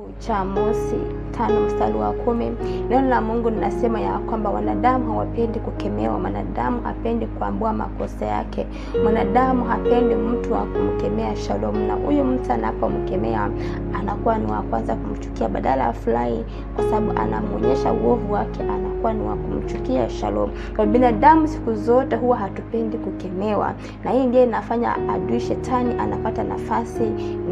kitabu cha Mosi tano mstari wa kumi neno la Mungu linasema ya kwamba wanadamu hawapendi kukemewa, mwanadamu hapendi kuambua makosa yake, mwanadamu hapendi mtu wa kumkemea Shalom. Na huyu mtu anapomkemea anakuwa ni wa kwanza kumchukia, badala ya furahi, kwa sababu anamwonyesha uovu wake, anakuwa ni wa kumchukia shalom kwa binadamu siku zote huwa hatupendi kukemewa na hii ndiye inafanya adui shetani anapata nafasi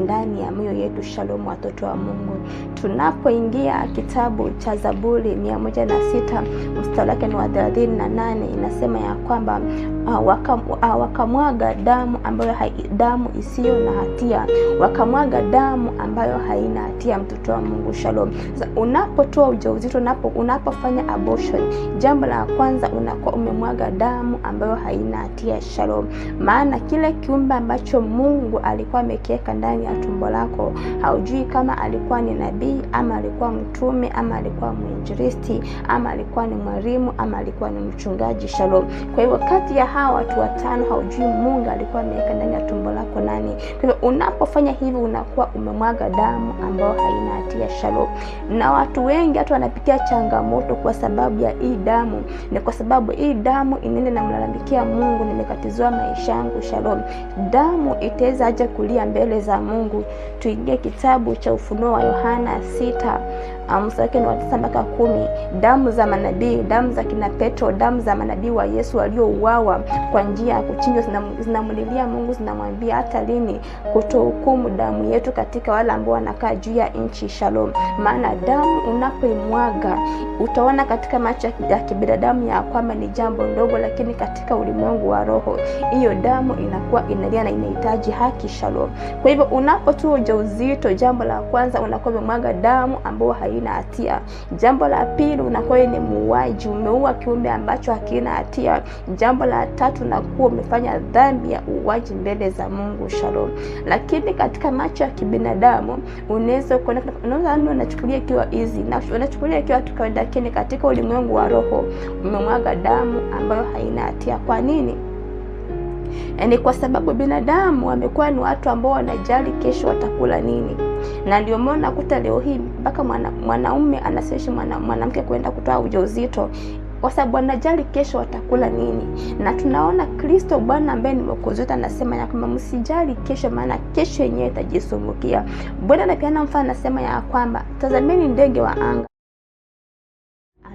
ndani ya mioyo yetu shalom watoto wa mungu tunapoingia kitabu cha zaburi 16 mstari wake ni wa 38 inasema ya kwamba uh, uh, wakamwaga damu ambayo damu isiyo na hatia wakamwaga damu ambayo haina hatia mtoto wa mungu shalom unapotoa ujauzito unapofanya abortion jambo la kwanza unakuwa umemwaga damu ambayo haina hatia shalom maana kile kiumbe ambacho mungu alikuwa amekiweka ndani ya tumbo lako haujui kama alikuwa ni nabii ama alikuwa mtume ama alikuwa mwinjiristi ama alikuwa ni mwalimu ama alikuwa ni mchungaji shalom kwa hivyo kati ya hawa watu watano haujui mungu alikuwa ameweka ndani ya tumbo lako nani kwa hivyo unapofanya hivi unakuwa umemwaga damu ambayo haina hatia shalom na watu wengi hata wanapitia changamoto kwa sababu ya hii damu, ni kwa sababu hii damu inene namlalamikia Mungu, nimekatizwa maisha yangu. Shalom, damu itaweza aja kulia mbele za Mungu. Tuingie kitabu cha Ufunuo wa Yohana sita um, mstari wake ni wa mpaka kumi. Damu za manabii, damu za kina Petro, damu za manabii wa Yesu waliouawa kwa njia ya kuchinjwa zinamulilia Mungu, zinamwambia hata lini kutohukumu damu yetu katika wale ambao wanakaa juu ya nchi? Shalom. Maana damu unapoimwaga utaona katika macho ya za kibinadamu ya kwamba ni jambo ndogo, lakini katika ulimwengu wa roho hiyo damu inakuwa inalia na inahitaji haki. Shalom. Kwa hivyo unapotoa ujauzito, jambo la kwanza unakuwa umemwaga damu ambayo haina hatia. Jambo la pili unakuwa ni muuaji, umeua kiumbe ambacho hakina hatia. Jambo la tatu unakuwa umefanya dhambi ya uuaji mbele za Mungu. Shalom. Lakini katika macho ya kibinadamu unaweza kuona, unaona, unachukulia ikiwa hizi unachukulia ikiwa tukio, lakini katika ulimwengu wa roho roho umemwaga damu ambayo haina hatia kwa nini eh, ni kwa sababu binadamu wamekuwa ni watu ambao wanajali kesho watakula nini na ndio maana nakuta leo hii mpaka mwanaume mwana anasirisha mwanamke kuenda kutoa ujauzito kwa sababu wanajali kesho watakula nini na tunaona kristo bwana ambaye ni mwokozi wetu anasema ya kwamba msijali kesho maana kesho yenyewe itajisumbukia bwana na mfano anasema ya kwamba tazameni ndege wa anga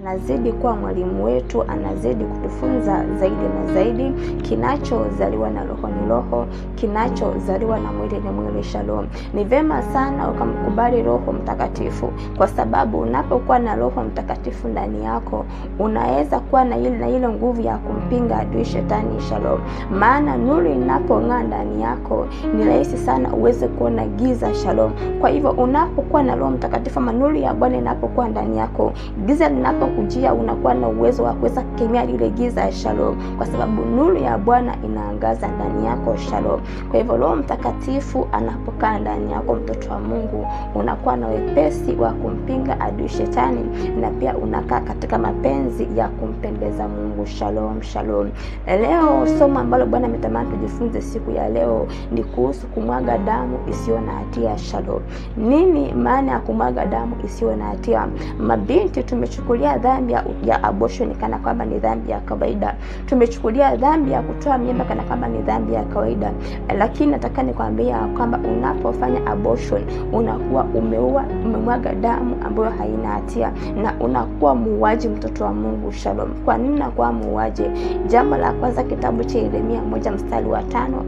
anazidi kuwa mwalimu wetu, anazidi kutufunza zaidi na zaidi. Kinachozaliwa na roho ni roho, kinachozaliwa na mwili ni mwili. Shalom. Ni vema sana ukamkubali Roho Mtakatifu, kwa sababu unapokuwa na Roho Mtakatifu ndani yako unaweza kuwa na ile na ile nguvu ya kumpinga adui shetani. Shalom. Maana nuru inapong'aa ndani yako ni rahisi sana uweze kuona giza. Shalom. Kwa hivyo unapokuwa na Roho Mtakatifu, manuru ya Bwana inapokuwa ndani yako giza linapo kujia unakuwa na uwezo wa kuweza kukemea lile giza ya shalom kwa sababu nuru ya bwana inaangaza ndani yako shalom kwa hivyo roho mtakatifu anapokaa ndani yako mtoto wa mungu unakuwa na wepesi wa kumpinga adui shetani na pia unakaa katika mapenzi ya kumpendeza mungu shalom shalom leo somo ambalo bwana ametamani tujifunze siku ya leo ni kuhusu kumwaga damu isiyo na hatia shalom nini maana ya kumwaga damu isiyo na hatia mabinti tumechukulia dhambi ya, ya abortion kana kwamba ni dhambi ya kawaida. Tumechukulia dhambi ya kutoa mimba kana kwamba ni dhambi ya kawaida, lakini nataka nikwambia kwamba unapofanya abortion unakuwa umeua, umemwaga damu ambayo haina hatia na unakuwa muuaji, mtoto wa Mungu. Shalom. Kwa nini nakuwa muuaji? Jambo la kwanza, kitabu cha Yeremia moja mstari wa tano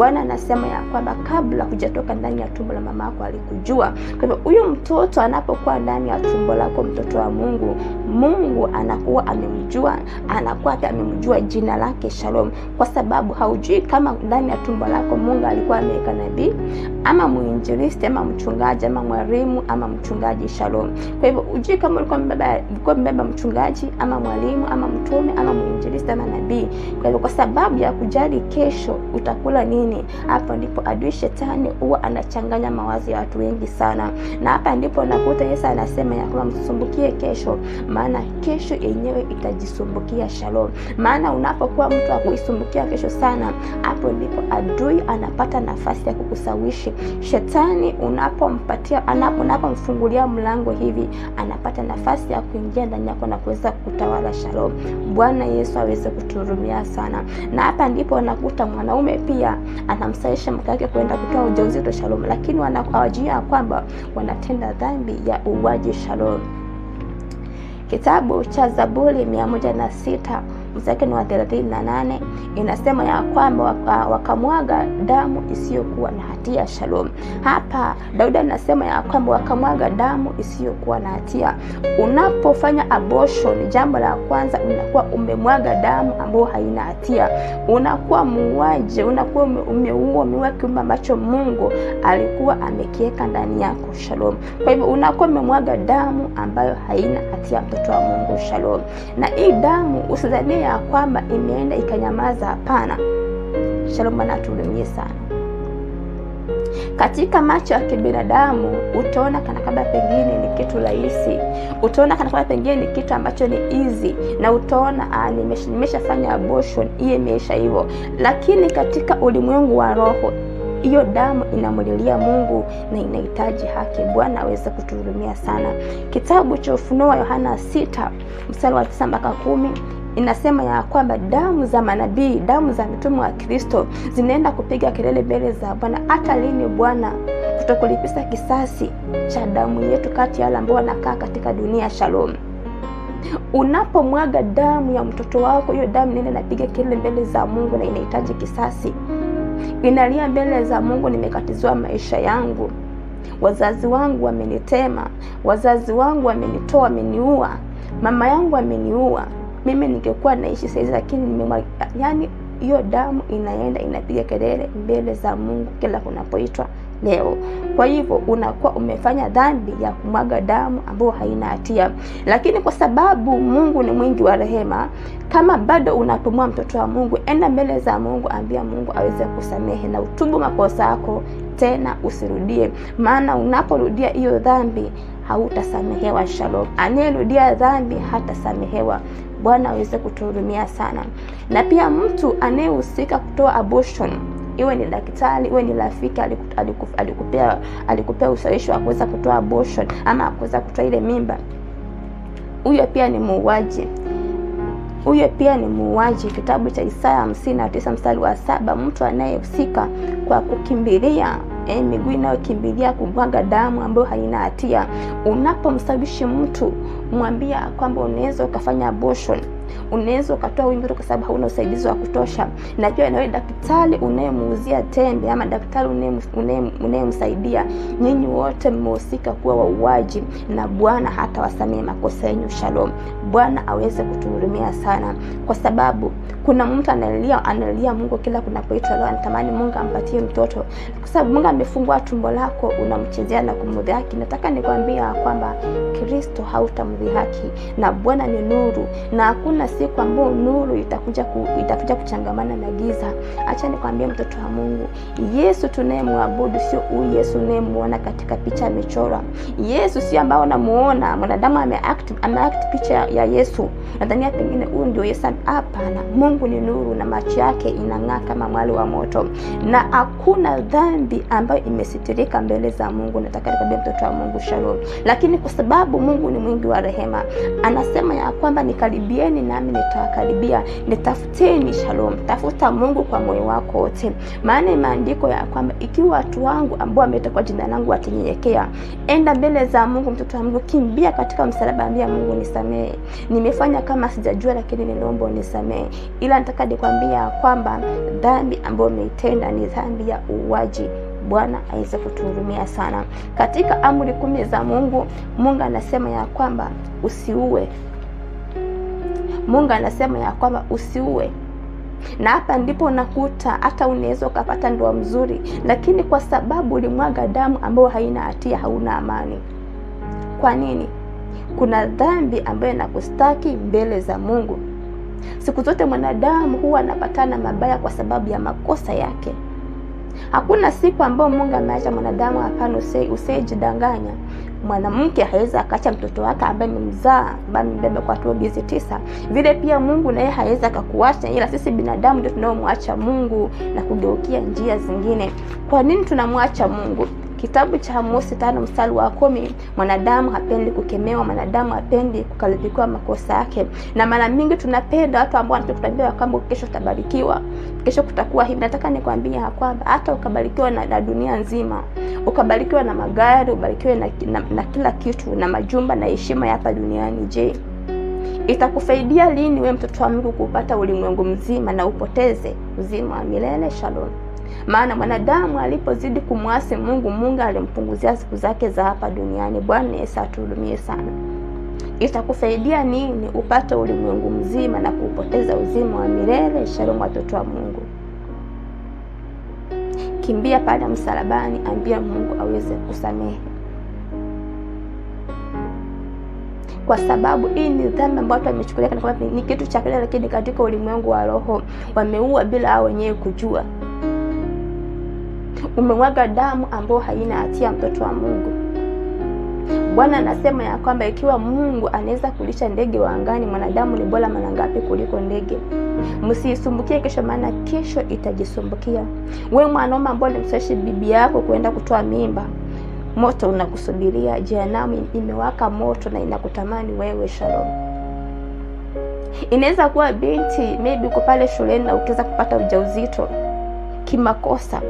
bwana anasema ya kwamba kabla hujatoka ndani ya tumbo la mama yako alikujua kwa hivyo huyu mtoto anapokuwa ndani ya tumbo lako mtoto wa mungu mungu anakuwa amemjua anakuwa pia amemjua jina lake shalom kwa sababu haujui kama ndani ya tumbo lako mungu alikuwa ameweka nabii ama muinjilisti ama mchungaji ama mwalimu ama mchungaji shalom kwa hivyo ujui kama ulikuwa mbeba mchungaji ama mwalimu ama mtume ama muinjilisti ama nabii kwa hivyo kwa sababu ya kujali kesho utakula nini lakini Hapo ndipo adui shetani huwa anachanganya mawazo ya watu wengi sana, na hapa ndipo nakuta Yesu anasema ya kwamba msisumbukie kesho, maana kesho yenyewe itajisumbukia. Shalom. Maana unapokuwa mtu akuisumbukia kesho sana, hapo ndipo adui anapata nafasi ya kukusawishi. Shetani unapompatia unapomfungulia mlango hivi, anapata nafasi ya kuingia ndani yako na kuweza kutawala. Shalom. Bwana Yesu aweze kutuhurumia sana, na hapa ndipo nakuta mwanaume pia anamsaisha mke wake kwenda kutoa ujauzito Shalom, lakini hawajua kwamba wanatenda dhambi ya uwaji Shalom. Kitabu cha Zaburi mia moja na sita msake ni wa 38 inasema ya kwamba ah, wakamwaga damu isiyokuwa na hatia. Shalom. Hapa Daudi anasema ya kwamba wakamwaga damu isiyokuwa na hatia. Unapofanya abortion, jambo la kwanza unakuwa umemwaga damu ambayo haina hatia, unakuwa muuaji, unakuwa umeua, umeua kiumbe ambacho Mungu alikuwa amekiweka ndani yako. Shalom. Kwa hivyo unakuwa umemwaga damu ambayo haina hatia, mtoto wa Mungu. Shalom. Na hii damu usidhani ya kwamba imeenda ikanyamaza. Hapana, Shalom Bwana sana. Katika macho ya kibinadamu utaona kana pengine ni kitu rahisi, utaona kana pengine ni kitu ambacho ni easy, na utaona ah, nimeshafanya abortion, iye imeisha hivyo. Lakini katika ulimwengu wa roho, hiyo damu inamulilia Mungu na inahitaji haki. Bwana aweze kutuhurumia sana. Kitabu cha Ufunuo wa Yohana 6 mstari wa 9 mpaka inasema ya kwamba damu za manabii, damu za mitume wa Kristo zinaenda kupiga kelele mbele za Bwana, hata lini Bwana tutakulipisa kisasi cha damu yetu kati ya wale ambao wanakaa katika dunia? Shalom. Unapomwaga damu ya mtoto wako, hiyo damu nene napiga kelele mbele za Mungu na inahitaji kisasi, inalia mbele za Mungu, nimekatizwa maisha yangu, wazazi wangu wamenitema, wazazi wangu wamenitoa, wameniua, mama yangu ameniua mimi ningekuwa naishi saizi lakini yani hiyo damu inaenda inapiga kelele mbele za mungu kila kunapoitwa leo kwa hivyo unakuwa umefanya dhambi ya kumwaga damu ambayo haina hatia lakini kwa sababu mungu ni mwingi wa rehema kama bado unapumua mtoto wa mungu enda mbele za mungu ambia mungu aweze kusamehe na utubu makosa yako tena usirudie maana unaporudia hiyo dhambi hautasamehewa shalom anayerudia dhambi hatasamehewa bwana aweze kutuhurumia sana na pia mtu anayehusika kutoa abortion iwe ni daktari iwe ni rafiki alikupea alikupea ushawishi wa kuweza kutoa abortion ama kuweza kutoa ile mimba huyo pia ni muuaji huyo pia ni muuaji kitabu cha isaya 59 mstari wa saba mtu anayehusika kwa kukimbilia e, miguu inayokimbilia kumwaga damu ambayo haina hatia. Unapomsawishi mtu, mwambia kwamba unaweza ukafanya abortion unaweza ukatoa uimbe kwa sababu hauna usaidizi wa kutosha najua inawe daktari unayemuuzia tembe ama daktari unayemsaidia nyinyi wote mmehusika kuwa wauaji na bwana hata wasamehe makosa yenyu shalom bwana aweze kutuhurumia sana kwa sababu kuna mtu analia analia mungu kila kunapoitwa leo anatamani mungu ampatie mtoto kwa sababu mungu amefungua tumbo lako unamchezea na kumdhihaki nataka nikwambia kwamba kristo hautamdhihaki na bwana ni nuru na hakuna hakuna siku ambayo nuru itakuja, ku, itakuja kuchangamana na giza. Acha nikwambie mtoto wa Mungu, Yesu tunayemwabudu sio huyu Yesu unayemwona katika picha amechorwa. Yesu sio ambao namuona mwanadamu ameact ameact picha ya Yesu, nadhania pengine huyu ndio Yesu. Hapana, Mungu ni nuru na macho yake inang'aa kama mwali wa moto, na hakuna dhambi ambayo imesitirika mbele za Mungu. Nataka nikwambie mtoto wa Mungu, shalom. Lakini kwa sababu Mungu ni mwingi wa rehema, anasema ya kwamba nikaribieni nami nitawakaribia. Nitafuteni shalom, tafuta Mungu kwa moyo wako wote, maana maandiko ya kwamba ikiwa watu wangu ambao wameitwa kwa jina langu watanyenyekea, enda mbele za Mungu, mtoto wa Mungu, kimbia katika msalaba, ambia Mungu, nisamehe, nimefanya kama sijajua, lakini niliomba unisamehe. Ila nataka nikwambia kwamba dhambi ambayo umeitenda ni dhambi ya uuaji. Bwana aweze kutuhurumia sana. Katika amri kumi za Mungu, Mungu anasema ya kwamba usiue mungu anasema ya kwamba usiue na hapa ndipo nakuta hata unaweza ukapata ndoa mzuri lakini kwa sababu ulimwaga damu ambayo haina hatia hauna amani kwa nini kuna dhambi ambayo inakustaki mbele za mungu siku zote mwanadamu huwa anapatana mabaya kwa sababu ya makosa yake hakuna siku ambayo mungu ameacha mwanadamu hapana usijidanganya mwanamke haweza akaacha mtoto wake ambaye amemzaa ambaye amebeba kwa tuo miezi tisa vile pia mungu naye haweza akakuacha ila sisi binadamu ndio tunaomwacha mungu na kugeukia njia zingine kwa nini tunamwacha mungu Kitabu cha Amosi tano mstari wa kumi, mwanadamu hapendi kukemewa, mwanadamu hapendi kukaribikiwa makosa yake. Na mara mingi tunapenda watu ambao ya kwamba kesho utabarikiwa, kesho kutakuwa hivi. Nataka nikwambie ya kwamba hata ukabarikiwa na, na dunia nzima, ukabarikiwa na magari, ubarikiwe na, na, na kila kitu na majumba na heshima ya hapa duniani, je, itakufaidia lini we mtoto wa Mungu kupata ulimwengu mzima na upoteze uzima wa milele? Shalom maana mwanadamu alipozidi kumwasi mungu mungu alimpunguzia siku zake za hapa duniani bwana yesu atuhurumie sana itakufaidia nini upate ulimwengu mzima na kuupoteza uzima wa milele shalom watoto wa mungu kimbia pale msalabani ambia mungu aweze kusamehe kwa sababu hii ni dhambi ambayo watu wamechukulia kana kwamba ni kitu cha kale, lakini katika ulimwengu wa roho wameua bila hao wenyewe kujua umemwaga damu ambayo haina hatia, mtoto wa Mungu. Bwana anasema ya kwamba ikiwa Mungu anaweza kulisha ndege wa angani, mwanadamu ni bora mara ngapi kuliko ndege? Msiisumbukie kesho, maana kesho itajisumbukia. We mwanaume ambao ulimsawishi bibi yako kuenda kutoa mimba, moto unakusubiria. Jehanamu imewaka moto na inakutamani wewe. Shalom. Inaweza kuwa binti, maybe uko pale shuleni na ukiweza kupata ujauzito kimakosa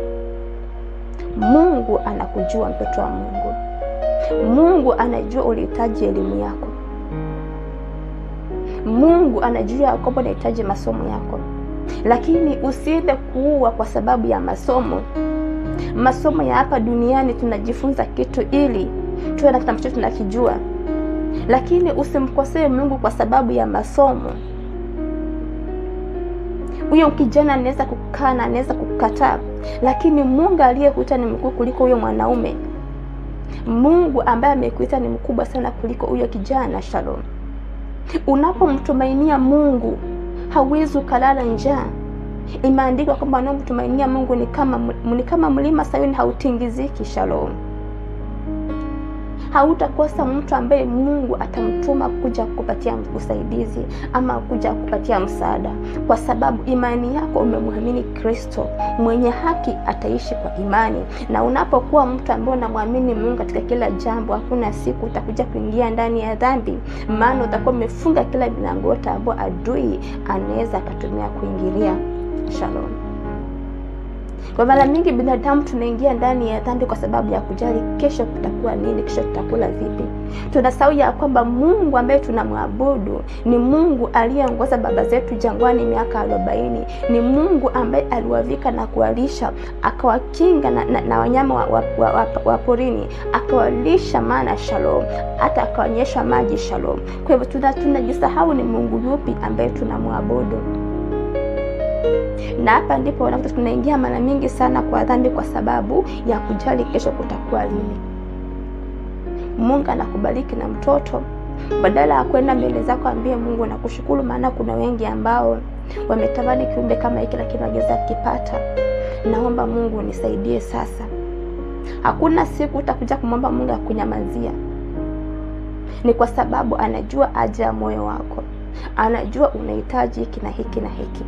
Mungu anakujua mtoto wa Mungu. Mungu anajua ulihitaji elimu yako. Mungu anajua ya kwamba unahitaji masomo yako, lakini usiende kuua kwa sababu ya masomo. Masomo ya hapa duniani tunajifunza kitu ili tuwe na kitu ambacho tunakijua, lakini usimkosee Mungu kwa sababu ya masomo. Huyo kijana anaweza kukaa na anaweza kukataa lakini Mungu aliyekuita ni mkuu kuliko huyo mwanaume. Mungu ambaye amekuita ni mkubwa sana kuliko huyo kijana Shalom. Unapomtumainia Mungu hauwezi ukalala njaa. Imeandikwa kwamba unaomtumainia Mungu ni kama, ni kama mlima Sayuni hautingiziki. Shalom hautakosa mtu ambaye mungu atamtuma kuja kupatia usaidizi ama kuja kupatia msaada kwa sababu imani yako umemwamini kristo mwenye haki ataishi kwa imani na unapokuwa mtu ambaye unamwamini mungu katika kila jambo hakuna siku utakuja kuingia ndani ya dhambi maana utakuwa umefunga kila milango yote ambayo adui anaweza akatumia kuingilia shalom kwa mara nyingi binadamu tunaingia ndani ya dhambi kwa sababu ya kujali kesho kutakuwa nini, kesho tutakula vipi. Tunasahau ya kwamba Mungu ambaye tunamwabudu ni Mungu aliyeongoza baba zetu jangwani miaka arobaini. Ni Mungu ambaye aliwavika na kuwalisha, akawakinga na, na, na wanyama wa, wa, wa, wa, wa porini, akawalisha mana shalom, hata akaonyesha maji shalom. Kwa hivyo tunajisahau tuna ni Mungu yupi ambaye tunamwabudu na hapa ndipo unakuta tunaingia mara mingi sana kwa dhambi kwa sababu ya kujali kesho kutakuwa lini. Mungu anakubariki na mtoto, badala ya kwenda mbele zako ambie Mungu nakushukuru, maana kuna wengi ambao wametamani kiumbe kama hiki lakini hawajaweza kukipata. Naomba Mungu nisaidie sasa. Hakuna siku utakuja kumwomba Mungu akunyamazia, ni kwa sababu anajua haja ya moyo wako, anajua unahitaji hiki na hiki na hiki.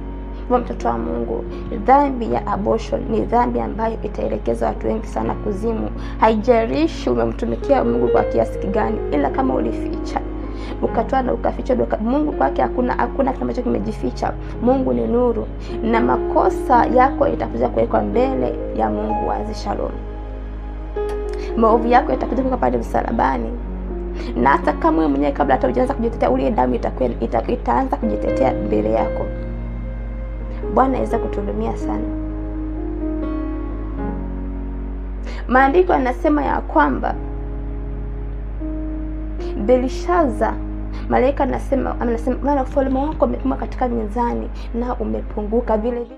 Kwa mtoto wa Mungu, dhambi ya abortion ni dhambi ambayo itaelekeza watu wengi sana kuzimu. haijarishi umemtumikia Mungu kwa kiasi kigani, ila kama ulificha ukatoa na ukaficha Mungu kwake hakuna hakuna kitu ambacho kimejificha. Mungu ni nuru, na makosa yako itakuja kuwekwa mbele ya Mungu wazi. Shalom, maovu yako itakuja kuwekwa pale msalabani na hata kama wewe mwenyewe kabla hata hujaanza kujitetea, ule damu itaanza kujitetea mbele yako. Bwana aweza kutuhudumia sana. Maandiko yanasema ya kwamba Belishaza malaika anasema, anasema maana ufalme wako umepimwa katika mizani na umepunguka vile vile